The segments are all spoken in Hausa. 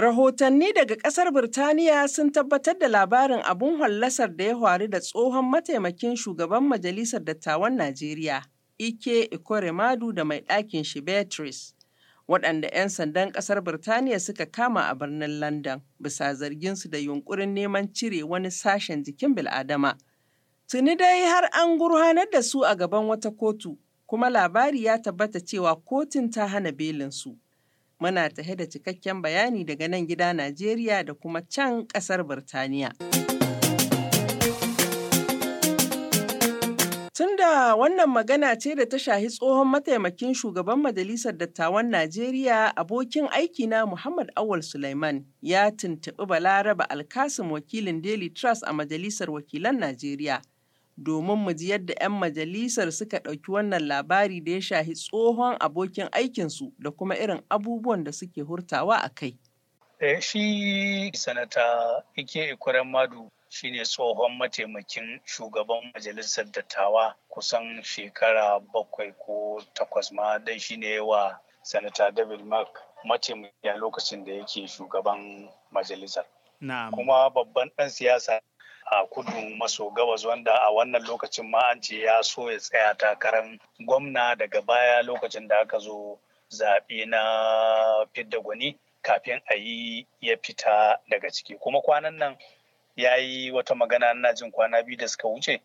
Rahotanni daga ƙasar Birtaniya sun tabbatar da labarin abun hallasar da ya faru da tsohon mataimakin shugaban Majalisar Dattawan Najeriya, Ike Ikoremadu da mai ɗakin shi Beatrice, waɗanda 'yan sandan ƙasar Birtaniya suka kama a birnin London bisa zarginsu da yunƙurin neman cire wani sashen jikin bil'adama. Tuni dai har an gurhanar da su a gaban wata kotu, kuma labari ya tabbata cewa kotun ta hana belinsu. su. Muna tahe da cikakken bayani daga nan gida Najeriya da kuma can ƙasar Birtaniya. Tunda wannan magana ce da ta shahi tsohon mataimakin shugaban Majalisar Dattawan Najeriya abokin aiki na Muhammad Awal Sulaiman ya tuntuɓi Balaraba Alkasim wakilin Daily Trust a Majalisar Wakilan Najeriya domin mu ji yadda 'yan majalisar suka ɗauki wannan labari da ya shahi tsohon abokin aikinsu da kuma irin abubuwan da suke hurtawa a kai. Eh, shi sanata Ike Ikuren Madu shi ne tsohon mataimakin shugaban majalisar dattawa kusan shekara bakwai ko takwas ma don shi ne wa sanata David Mark mataimaki a lokacin da yake shugaban majalisar. Kuma babban ɗan siyasa a kudu maso gabas wanda a wannan lokacin ma an ce ya so ya tsaya takarar gwamna daga baya lokacin da aka zo zaɓe na fidda gwani kafin a yi ya fita daga ciki kuma kwanan nan ya yi wata magana na jin kwana biyu da suka wuce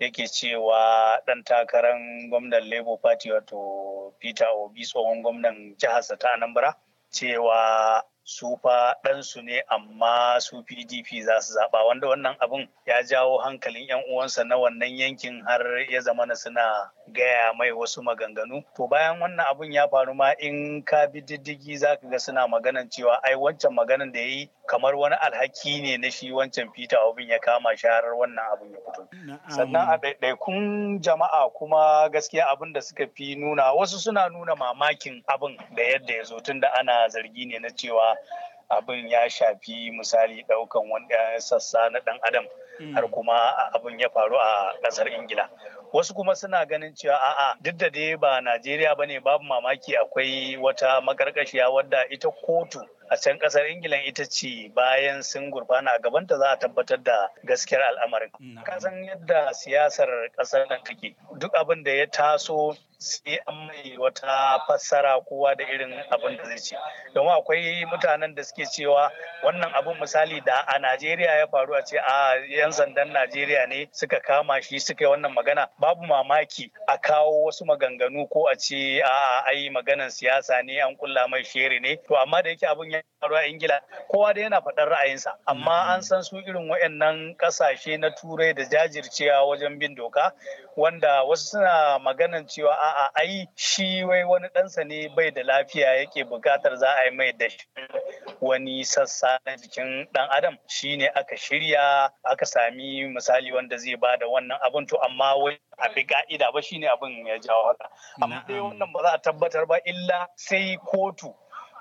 yake cewa ɗan takarar gwamnan labour party wato peter obi tsohon gwamnan jihar ta anambra cewa su fa ɗansu ne amma su pdp za su zaɓa wanda wannan abin ya jawo hankalin 'yan uwansa na wannan yankin har ya zama na suna gaya mai wasu maganganu to bayan wannan abin ya faru ma in ka bi diddigi za ka ga suna maganan cewa ai wancan maganan da ya yi kamar wani alhaki ne na shi wancan fita obin ya kama sharar wannan abin ya fito sannan a ɗaiɗaikun jama'a kuma gaskiya abin da suka fi nuna wasu suna nuna mamakin abin da yadda ya zo tun da ana zargi ne na cewa abin ya shafi misali daukan wanda eh, sassa na dan adam hmm. har kuma abin ya faru a kasar ingila wasu kuma suna ganin cewa a'a duk da dai ba najeriya ba ne babu mamaki akwai wata makarkashiya wadda ita kotu a can kasar ingila ita ce bayan sun gurfana a gabanta za a tabbatar da gaskiyar al'amarin kasan yadda siyasar kasar nan take duk abin da ya taso sai an mai wata fassara kowa da irin abin da zai ce domin akwai mutanen da suke cewa wannan abin misali da a najeriya ya faru a ce a ah, yan sandan najeriya ne suka kama shi suka yi wannan magana babu mamaki a kawo wasu maganganu ko a ce a ah, ai maganan siyasa ne an kulla mai shere ne to amma da yake abin ya faru a ingila kowa da yana faɗar ra'ayinsa amma an san su irin waɗannan ƙasashe na turai da jajircewa wajen bin doka wanda wasu suna maganan cewa a'a ai shi wai wani ɗansa ne bai da lafiya yake buƙatar za a yi mai da wani sassa na jikin ɗan adam shine aka shirya aka sami misali wanda zai ba da wannan abin to amma wai a bi ka'ida ba shine abin ya jawo haka amma dai wannan ba za a tabbatar ba illa sai kotu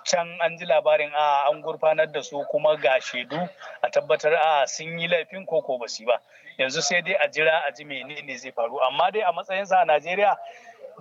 can an ji labarin a an gurfanar da su kuma ga shaidu a tabbatar a sun yi laifin koko ba su ba yanzu sai dai a jira a ji menene zai faru amma dai a matsayinsa a najeriya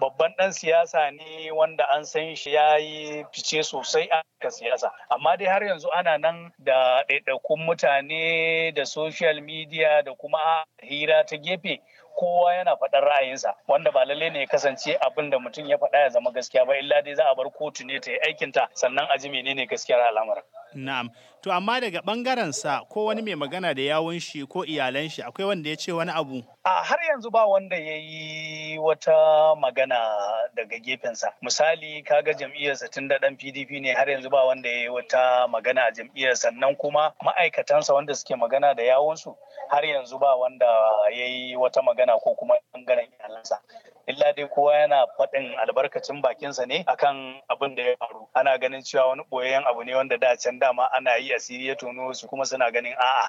babban dan siyasa ne wanda an san shi ya yi fice sosai a ka siyasa amma dai har yanzu ana nan da ɗaiɗaikun mutane da social media da kuma hira ta gefe kowa yana faɗar ra'ayinsa wanda ba lalle ne ya kasance abin da mutum ya faɗa ya zama gaskiya ba illa dai za a bar kotu ne ta yi aikinta sannan a ji menene gaskiyar al'amarin. Na'am. To amma daga bangaren sa ko wani mai magana da yawun shi ko iyalan shi akwai wanda ya ce wani abu? A har yanzu ba wanda ya yi wata magana daga gefensa. Misali kaga jam'iyyarsa tun da dan PDP ne har yanzu ba wanda ya yi wata magana a jam'iyyar sannan kuma ma'aikatansa wanda suke magana da yawunsu har yanzu ba wanda ya yi wata magana ko kuma bangaren iyalansa. illa dai kowa yana faɗin albarkacin bakinsa ne akan abin da ya faru ana ganin cewa wani ɓoyayyen abu ne wanda da can dama ana yi asiri ya tono su kuma suna ganin a'a.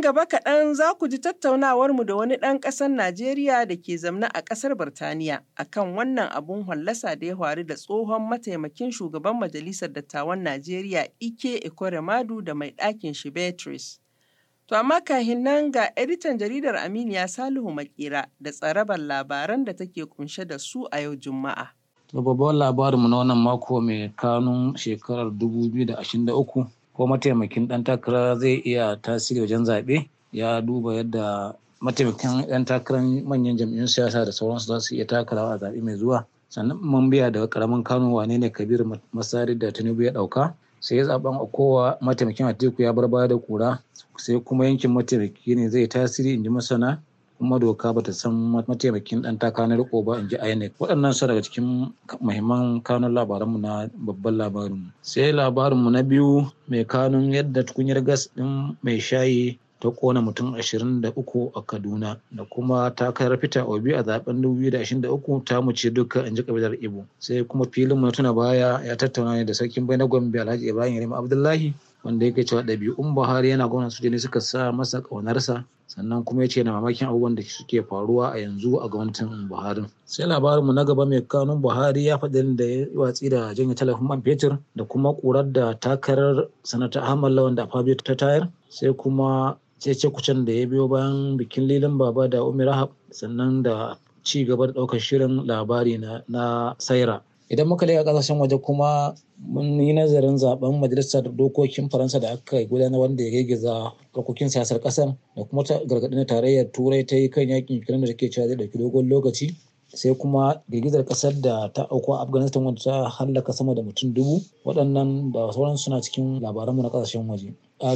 Nan gaba kaɗan za ku ji tattaunawarmu da wani ɗan ƙasar Najeriya da ke zamna a ƙasar Birtaniya akan wannan abun hallasa da ya faru da tsohon mataimakin shugaban Majalisar Dattawan Najeriya Ike Ekoremadu da mai ɗakin shi Beatrice. To amma kahin nan ga editan jaridar Aminiya Salihu Makera da tsarabar labaran da take kunshe da su a yau Juma'a. To babban labarinmu na wannan mako mai kanun shekarar 2023 ko mataimakin ɗan takara zai iya tasiri wajen zaɓe ya duba yadda mataimakin 'yan takarar manyan jam'iyyun siyasa da sauransu za su iya takarawa a zaɓe mai zuwa sannan mun biya daga karamin kano wane ne kabir masari da tinubu ya ɗauka sai ya zaɓen a kowa mataimakin atiku ya bar baya da kura sai kuma yankin mataimaki ne zai tasiri in ji masana kuma doka ba ta san mataimakin dan takara na riko ba in ji INEC waɗannan su daga cikin muhimman kanun labaranmu na babban labarinmu sai labarinmu na biyu mai kanun yadda tukunyar gas ɗin mai shayi ta kona mutum 23 a kaduna da kuma kai rafita obi a zaben 2023 ta muce duka in ji kabilar ibo sai kuma filin mu na tuna baya ya tattauna ne da sarkin bai na gombe alhaji ibrahim abdullahi wanda yake cewa ɗabi'un buhari yana gwamnan su ne suka sa masa ƙaunarsa sannan kuma ya ce na mamakin abubuwan da suke faruwa a yanzu a gwamnatin buhari sai labarinmu na gaba mai kanun buhari ya faɗi da ya watsi da janye talafin man fetur da kuma ƙurar da takarar sanata ahmad lawan da afabi ta tayar sai kuma cece kucin da ya biyo bayan bikin lilin baba da umar rahab sannan da ci gaba da ɗaukar shirin labari na saira idan muka a kasashen waje kuma mun yi nazarin zaben majalisar dokokin faransa da aka gudanar wanda ya girgiza dokokin siyasar kasar da kuma gargaɗin tarayyar turai ta yi kan yakin ukraine da ke cewa zai ɗauki dogon lokaci sai kuma girgizar kasar da ta auku a afghanistan wanda ta hallaka sama da mutum dubu waɗannan ba sauran suna cikin labaranmu na kasashen waje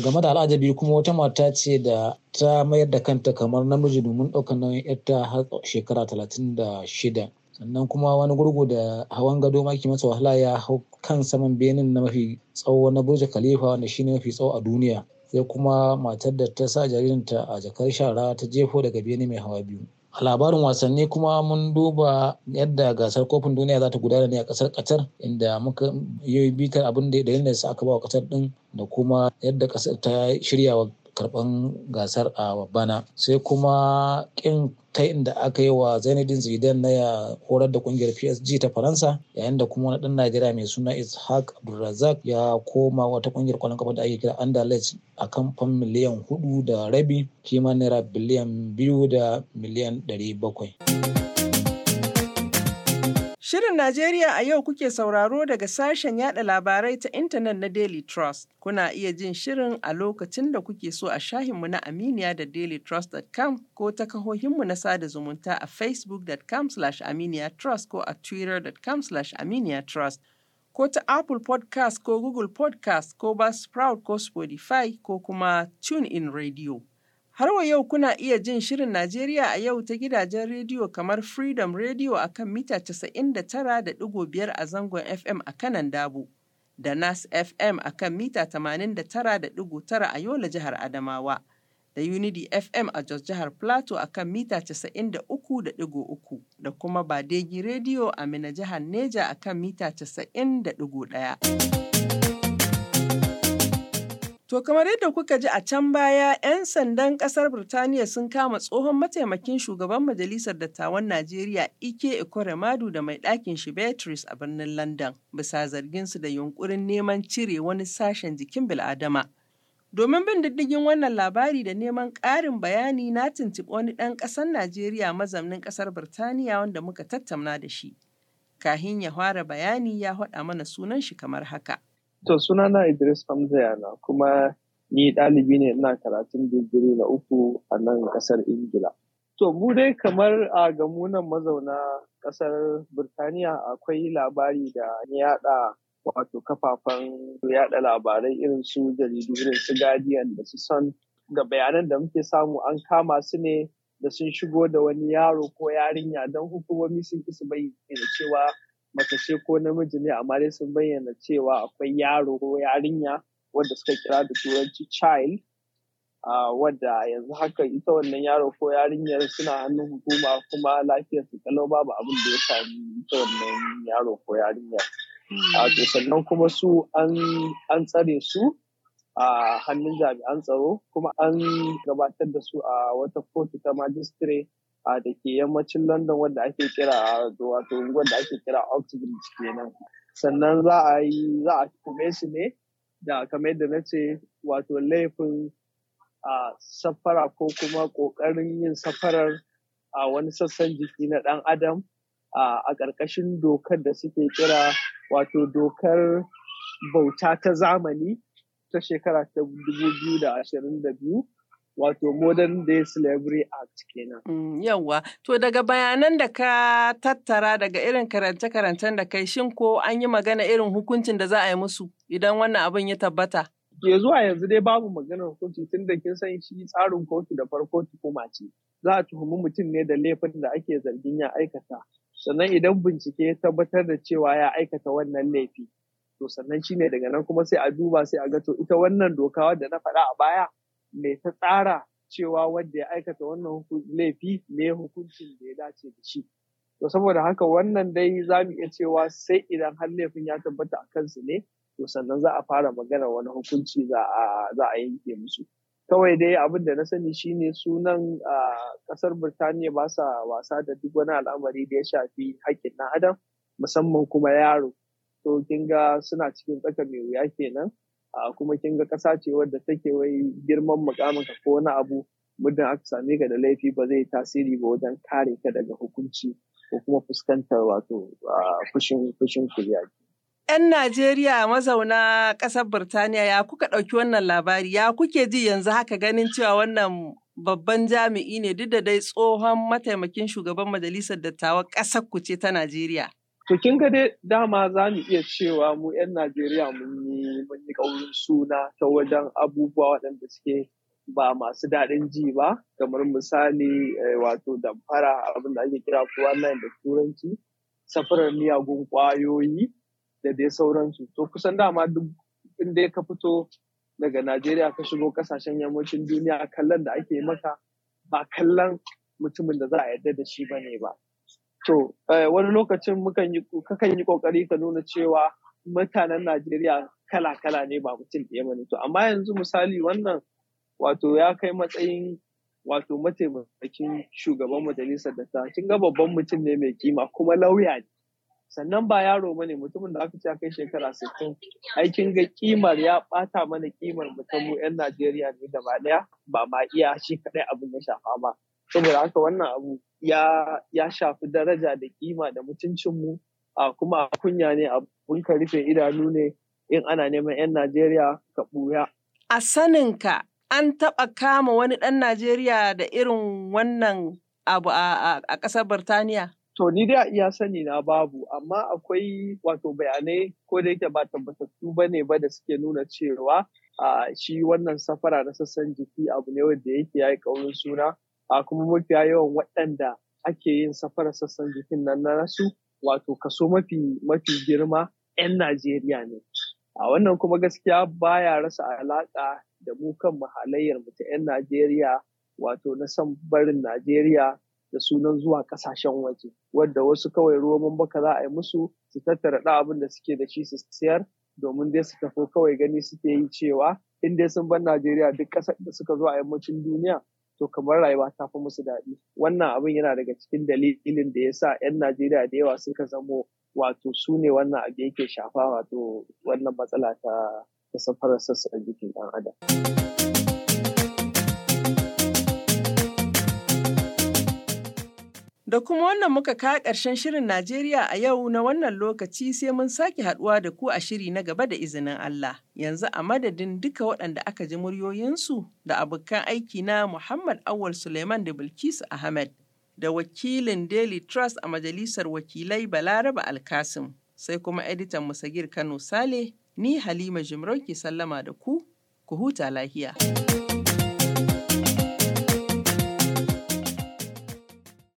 game da al'ajabi kuma wata mata ce da ta mayar da kanta kamar namiji domin ɗaukar nauyin yarta har shekara talatin da shida sannan kuma wani gurgu da hawan gado maki masa wahala ya hau kan saman benin na mafi tsawo na burj khalifa wanda shine mafi tsawo a duniya sai kuma matar da ta sa jaririnta a jakar shara ta jefo daga benin mai hawa biyu a labarin wasanni kuma mun duba yadda gasar kofin duniya za ta gudana ne a kasar qatar inda muka yi bitar abin da ya da aka ba wa kasar din da kuma yadda kasar ta shirya wa karban gasar a bana sai kuma kin ta inda aka yi wa Zinedine Zidane na ya horar da kungiyar PSG ta Faransa yayin da kuma wani dan Najeriya mai suna Ishaq Abdulrazak ya koma wata kungiyar kwallon kafa da ake kira andalus a kamfan miliyan hudu da rabi kimanin naira biliyan biyu da miliyan dari bakwai. Shirin Najeriya a yau kuke sauraro daga sashen yada labarai ta intanet na Daily Trust. Kuna iya jin shirin a lokacin da kuke so a shahinmu na Aminiya da dailytrust.com ko ta kahohinmu na sada zumunta a facebookcom aminiyatrust ko a twittercom aminiyatrust ko ta Apple podcast ko Google podcast ko Buzzsprout ko Spotify ko kuma TuneIn Radio. Har wa yau kuna iya jin Shirin Najeriya a yau ta gidajen rediyo kamar Freedom Radio a kan mita 99.5 a zangon FM a kanan Dabo, da Nas FM a kan mita 89.9 a Yola jihar Adamawa, da Unity FM a Jos jihar Plateau a kan mita 93.3, da kuma Badegi Radio a Mina jihar Neja a kan mita 90.1. To kamar yadda kuka ji a can baya, 'yan sandan ƙasar Birtaniya sun kama tsohon mataimakin shugaban Majalisar Dattawan Najeriya Ike Ekoremadu da mai ɗakin shi Beatrice a birnin London, bisa zargin su da yunkurin neman cire wani sashen jikin bil'adama. Domin bin diddigin wannan labari da neman ƙarin bayani na tuntuɓi wani ɗan ƙasar Najeriya mazamnin ƙasar Birtaniya wanda muka tattauna da shi. Kahin ya fara bayani ya haɗa mana sunan shi kamar haka. To sunana Idris Hamza yana kuma ni ɗalibi ne ina karatun digiri na uku a nan ƙasar Ingila. To mu dai kamar a gamunan mazauna ƙasar Birtaniya akwai labari da yaɗa wato kafafen yaɗa labarai irin su jaridu irin su Guardian da su son ga bayanan da muke samu an kama su ne da sun shigo da wani yaro ko yarinya don hukumomi sun ki su bayyana cewa mace ko namiji ne amma dai sun bayyana cewa akwai yaro ko yarinya wadda suka kira da turanci child wadda yanzu haka ita wannan yaro ko yarinyar suna hannun hukuma kuma lafiyar su kalau babu abin da ya sami ita wannan yaro ko yarinyar to sannan kuma su an tsare su a hannun jami'an tsaro kuma an gabatar da su a wata kotu ta majistire a da ke yammacin london wanda ake kira wato unguwar da ake kira oxbridge kenan sannan za a yi za a kume su ne da kamar yadda na ce wato laifin a safara ko kuma ƙoƙarin yin safarar a wani sassan jiki na ɗan adam a ƙarƙashin dokar da suke kira wato dokar bauta ta zamani ta shekara ta 2022 wato modern day slavery act kenan. Mm, yawwa to daga bayanan da ka tattara daga irin karance-karancen da kai shin ko an yi magana irin hukuncin da za a yi musu idan wannan abin ya tabbata. Ke zuwa yanzu dai babu maganar hukunci tun da kin san shi tsarin kotu da farko tuhuma ce. Za a tuhumi mutum ne da laifin da ake zargin ya aikata. Sannan idan bincike ya tabbatar da cewa ya aikata wannan laifi. To sannan shine daga nan kuma sai a duba sai a ga to ita wannan doka wadda na faɗa a baya mai ta tsara cewa wanda ya aikata wannan laifi ne hukuncin da ya dace da shi to saboda haka wannan dai za mu iya cewa sai idan har laifin ya tabbata a kansu ne to sannan za a fara magana wani hukunci za a yanke musu kawai dai abin da na sani shine sunan kasar birtaniya ba sa wasa da duk wani al'amari da ya shafi haƙƙin na adam musamman kuma yaro to kin suna cikin tsaka mai wuya kenan kuma kin ga ƙasa ce wadda take wai girman mukamin ka ko wani abu muddin aka same ka da laifi ba zai yi tasiri ba wajen kare ka daga hukunci ko kuma fuskantar wato fushin fushin 'Yan Najeriya mazauna ƙasar Birtaniya ya kuka ɗauki wannan labari ya kuke ji yanzu haka ganin cewa wannan babban jami'i ne duk da dai tsohon mataimakin shugaban majalisar dattawan ƙasar ku ce ta Najeriya. To kin ga dai dama za mu iya cewa mu 'yan Najeriya mun yi ƙaurin suna ta wajen abubuwa waɗanda suke ba masu daɗin ji ba kamar misali eh, wato damfara abin da ake kira online da turanci safarar miyagun ƙwayoyi da dai sauransu to kusan dama duk inda ka fito daga Najeriya ka shigo ƙasashen yammacin duniya kallon da ake maka ba kallon mutumin da za a yarda da shi ba ne ba To, eh, wani lokacin kakan yi kokari ka nuna cewa mutanen Najeriya kala-kala ne ba mutum ɗaya ba To, amma yanzu misali wannan wato ya kai matsayin wato mataimakin shugaban majalisar da ta kin ga babban mutum ne mai kima kuma lauya ne. Sannan ba yaro ba ne mutumin da aka ce kai shekara sittin aikin ga kimar ya ɓata mana kimar mutum 'yan Najeriya ne gaba ɗaya ba ma iya shi kaɗai abin ya shafa ba. Saboda haka wannan abu ya ya shafi daraja da kima da mutuncinmu a kuma kunya ne abun ka rufe idanu ne in ana neman 'yan Najeriya ka ɓuya. A sanin ka an taɓa kama wani ɗan Najeriya da irin wannan abu a ƙasar Birtaniya? To ni da iya sani na babu, amma akwai wato bayanai ko da yake ba tabbatattu ba ne ba da suke nuna cewa shi wannan safara na sassan jiki abu ne wanda yake ya yi ƙaurin suna a kuma mafiya yawan waɗanda ake yin safara sassan jikin nan na nasu wato kaso mafi mafi girma 'yan Najeriya ne. A wannan kuma gaskiya baya rasa alaƙa da mu kan mahalayyar mu ta 'yan Najeriya wato na san barin Najeriya da sunan zuwa ƙasashen waje wadda wasu kawai roman baka za a yi musu su tattara da abin da suke da shi su siyar domin dai su tafi kawai gani suke yi cewa in dai sun bar Najeriya duk ƙasar da suka zo a yammacin duniya to kamar rayuwa ta fi musu daɗi wannan abin yana daga cikin dalilin da ya sa 'yan najeriya da yawa suka zamo wato su ne wannan abu yake shafa wato wannan matsala ta safarar a jikin ɗan adam Da kuma wannan muka kawo ƙarshen shirin Najeriya a yau na wannan lokaci sai mun sake haduwa da ku a shiri na gaba da izinin Allah. Yanzu a madadin duka waɗanda aka ji muryoyinsu da abokan aiki na Muhammad Awal Suleiman da Bilkisu Ahmed da wakilin Daily Trust a Majalisar Wakilai Balaraba Alkasim sai kuma editan Musagir Kano Sale ni Halima Jimroki sallama da ku, ku huta lahiya.